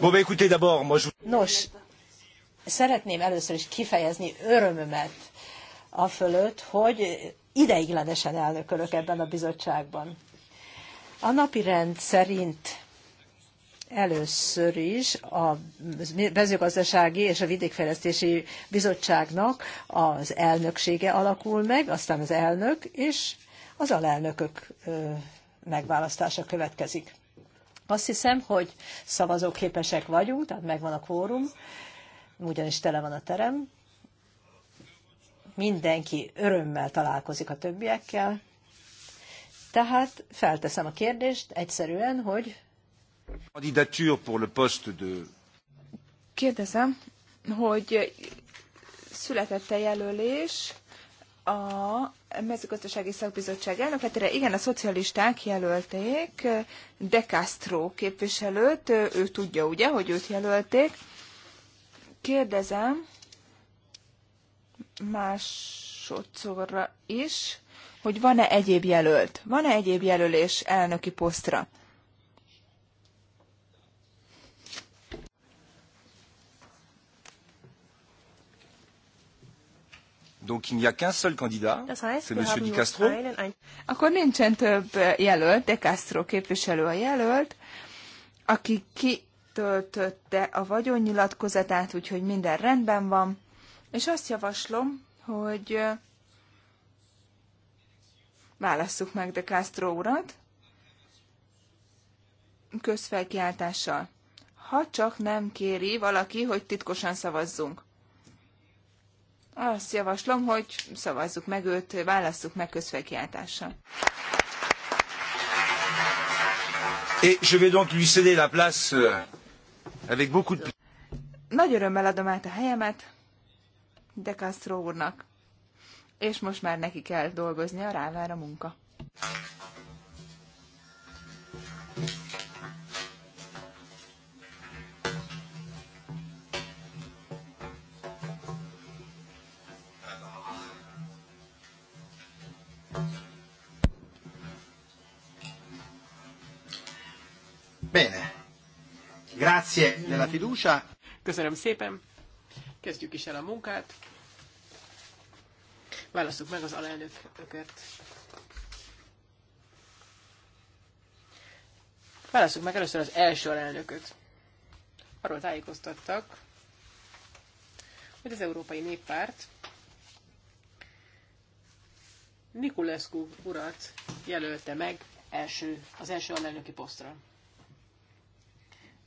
Bon, bah, écoutez, moi, je... Nos, szeretném először is kifejezni örömömet a fölött, hogy ideiglenesen elnökölök ebben a bizottságban. A napi rend szerint először is a mezőgazdasági és a vidékfejlesztési bizottságnak az elnöksége alakul meg, aztán az elnök és az alelnökök megválasztása következik. Azt hiszem, hogy szavazóképesek vagyunk, tehát megvan a kórum, ugyanis tele van a terem. Mindenki örömmel találkozik a többiekkel. Tehát felteszem a kérdést egyszerűen, hogy... Kérdezem, hogy született-e jelölés a mezőgazdasági szakbizottság elnöketére, Igen, a szocialisták jelölték De Castro képviselőt. Ő tudja ugye, hogy őt jelölték. Kérdezem másodszorra is, hogy van-e egyéb jelölt? Van-e egyéb jelölés elnöki posztra? Donc il n'y a qu'un seul candidat, c'est M. Di Castro. Akkor nincsen több eh, jelölt, de Castro képviselő a jelölt, aki kitöltötte a vagyonnyilatkozatát, úgyhogy minden rendben van. És azt javaslom, hogy eh, válasszuk meg De Castro urat közfelkiáltással. Ha csak nem kéri valaki, hogy titkosan szavazzunk. Azt javaslom, hogy szavazzuk meg őt, válasszuk meg közfelkiáltással. Et je vais donc lui céder la place euh, avec beaucoup de... Nagy örömmel adom át a helyemet De Castro úrnak, és most már neki kell dolgozni, a rávár a munka. Bene. Grazie della fiducia. Köszönöm szépen. Kezdjük is el a munkát. Választjuk meg az alelnököket. Választjuk meg először az első alelnököt. Arról tájékoztattak, hogy az Európai Néppárt Nikulescu urat jelölte meg első, az első alelnöki posztra.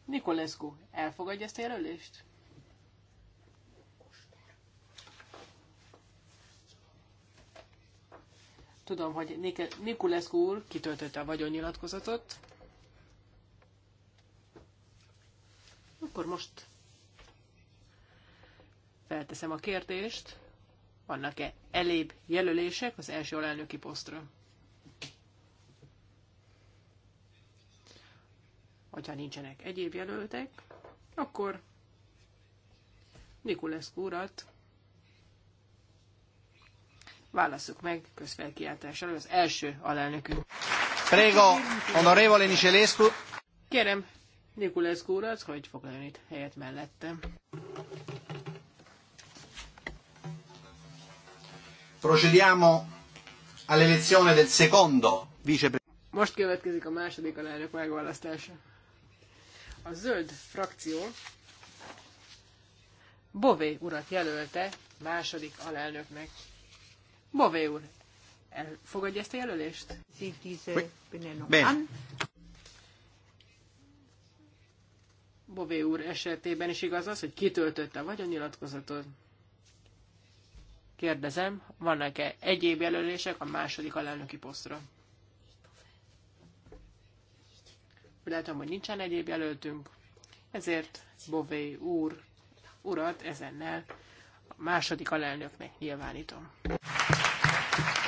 Nikolescu elfogadja ezt a jelölést? Tudom, hogy Nikulescu úr kitöltötte a vagyonnyilatkozatot. Akkor most felteszem a kérdést. Vannak-e elébb jelölések az első alelnöki posztra? Hogyha nincsenek egyéb jelöltek, akkor Nikulescu urat válasszuk meg elő az első alelnökünk. Prego, onorevole Nicelescu. Kérem Niculescu urat, hogy foglaljon itt helyet mellettem. Procediamo all'elezione del secondo vicepresidente. Most következik a második alelnök megválasztása. A zöld frakció Bové urat jelölte második alelnöknek. Bové úr, elfogadja ezt a jelölést? Bové úr esetében is igaz az, hogy kitöltötte a vagyonnyilatkozatot. Kérdezem, vannak-e egyéb jelölések a második alelnöki posztra? Látom, hogy nincsen egyéb jelöltünk, ezért Bové úr urat ezennel a második alelnöknek nyilvánítom.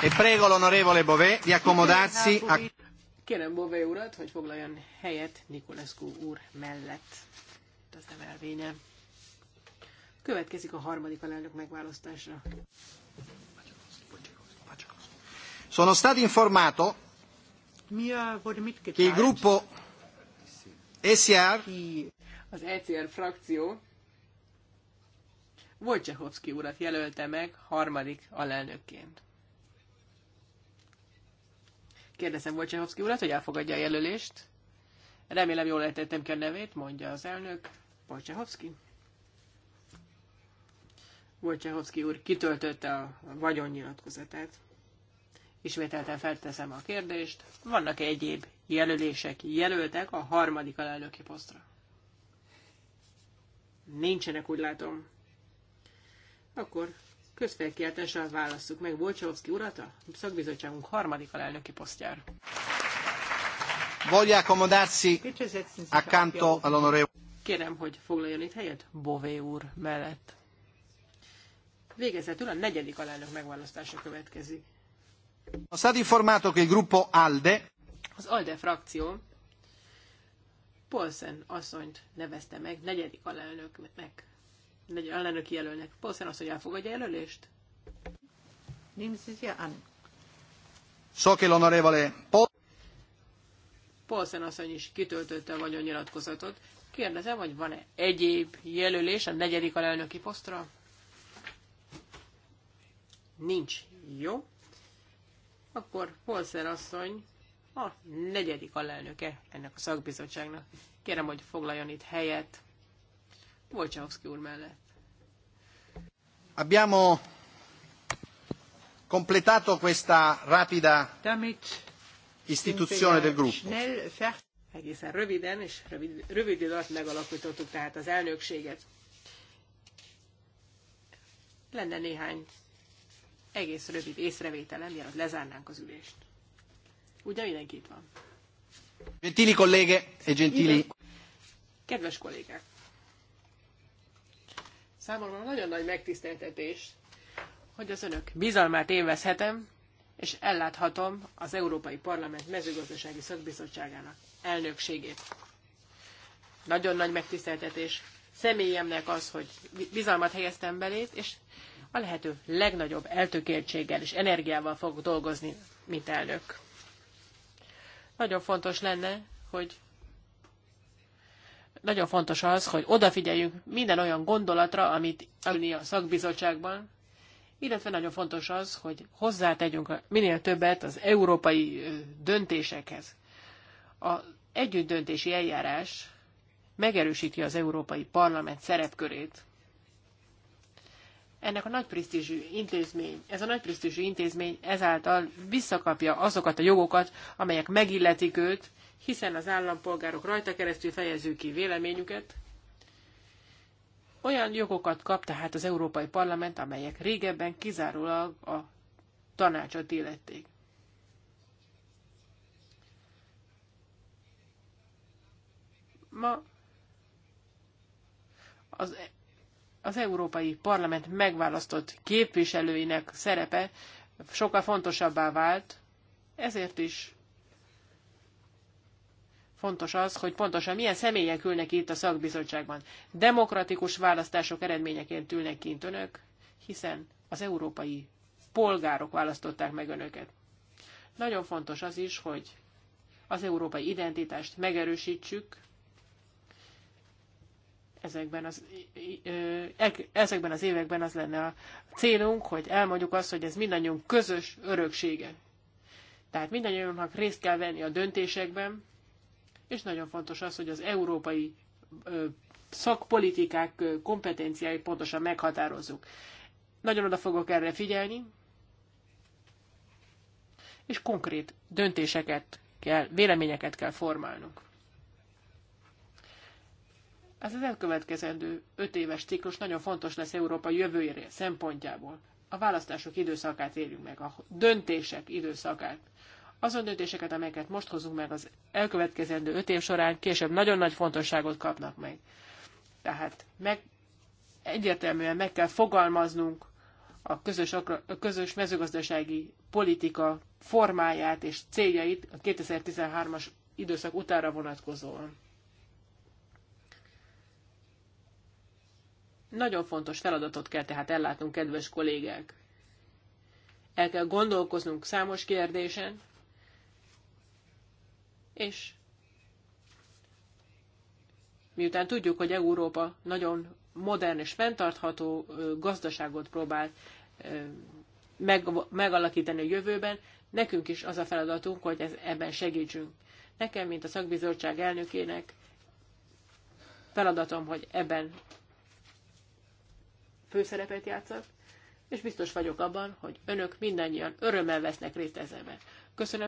E Bové di a... Kérem Bové urat, hogy foglaljon helyet Nikolescu úr mellett. Ez nem elvénye. Következik a harmadik alelnök megválasztása. Sono stato informato che il gruppo ECR az ECR frakció Wojciechowski urat jelölte meg harmadik alelnökként. Kérdezem Wojciechowski urat, hogy elfogadja a jelölést. Remélem jól lehetettem ki a nevét, mondja az elnök. Wojciechowski. Wojciechowski úr kitöltötte a vagyonnyilatkozatát. Ismételten felteszem a kérdést, vannak -e egyéb jelölések, jelöltek a harmadik alelnöki posztra? Nincsenek, úgy látom. Akkor közfelkiáltással válasszuk meg Bolcsovszki urat a szakbizottságunk harmadik alelnöki posztjára. Voglio accomodarsi accanto all'onorevole. Kérem, hogy foglaljon itt helyet Bové úr mellett. Végezetül a negyedik alelnök megválasztása következik. A stato informato che il gruppo ALDE az ALDE frakció Polsen asszonyt nevezte meg negyedik alelnöknek, negyedik alelnök jelölnek. Polsen asszony elfogadja jelölést? So che l'onorevole Polsen asszony is kitöltötte a vagyonnyilatkozatot. Kérdezem, hogy van-e egyéb jelölés a negyedik alelnöki posztra? nincs jó, akkor Holzer asszony a negyedik alelnöke ennek a szakbizottságnak. Kérem, hogy foglaljon itt helyet Wojciechowski úr mellett. Abbiamo completato questa rapida istituzione del gruppo. Egészen röviden és rövid, rövid idő alatt megalakítottuk tehát az elnökséget. Lenne néhány egész rövid észrevételem, mielőtt lezárnánk az ülést. Ugye mindenki itt van. Gentili kollége e gentili... Kedves kollégák! Számomra nagyon nagy megtiszteltetés, hogy az önök bizalmát élvezhetem, és elláthatom az Európai Parlament mezőgazdasági szakbizottságának elnökségét. Nagyon nagy megtiszteltetés személyemnek az, hogy bizalmat helyeztem belét, és a lehető legnagyobb eltökéltséggel és energiával fog dolgozni, mint elnök. Nagyon fontos lenne, hogy nagyon fontos az, hogy odafigyeljünk minden olyan gondolatra, amit a szakbizottságban, illetve nagyon fontos az, hogy hozzátegyünk minél többet az európai döntésekhez. A együttdöntési eljárás megerősíti az Európai Parlament szerepkörét ennek a nagy presztízsű intézmény, ez a nagy presztízsű intézmény ezáltal visszakapja azokat a jogokat, amelyek megilletik őt, hiszen az állampolgárok rajta keresztül fejezik ki véleményüket. Olyan jogokat kap tehát az Európai Parlament, amelyek régebben kizárólag a tanácsot illették. Ma az az Európai Parlament megválasztott képviselőinek szerepe sokkal fontosabbá vált, ezért is fontos az, hogy pontosan milyen személyek ülnek itt a szakbizottságban. Demokratikus választások eredményeként ülnek kint önök, hiszen az európai polgárok választották meg önöket. Nagyon fontos az is, hogy az európai identitást megerősítsük, ezekben az, ezekben az években az lenne a célunk, hogy elmondjuk azt, hogy ez mindannyiunk közös öröksége. Tehát mindannyiunknak részt kell venni a döntésekben, és nagyon fontos az, hogy az európai szakpolitikák kompetenciái pontosan meghatározzuk. Nagyon oda fogok erre figyelni, és konkrét döntéseket kell, véleményeket kell formálnunk. Ez az elkövetkezendő öt éves ciklus nagyon fontos lesz Európa jövőjére szempontjából. A választások időszakát érjük meg, a döntések időszakát. Azon döntéseket, amelyeket most hozunk meg az elkövetkezendő öt év során, később nagyon nagy fontosságot kapnak meg. Tehát meg, egyértelműen meg kell fogalmaznunk a közös, a közös mezőgazdasági politika formáját és céljait a 2013-as időszak utára vonatkozóan. Nagyon fontos feladatot kell tehát ellátnunk, kedves kollégák. El kell gondolkoznunk számos kérdésen, és miután tudjuk, hogy Európa nagyon modern és fenntartható gazdaságot próbál meg, megalakítani a jövőben, nekünk is az a feladatunk, hogy ez, ebben segítsünk. Nekem, mint a szakbizottság elnökének feladatom, hogy ebben főszerepet játszott, és biztos vagyok abban, hogy önök mindannyian örömmel vesznek részt ezenben. Köszönöm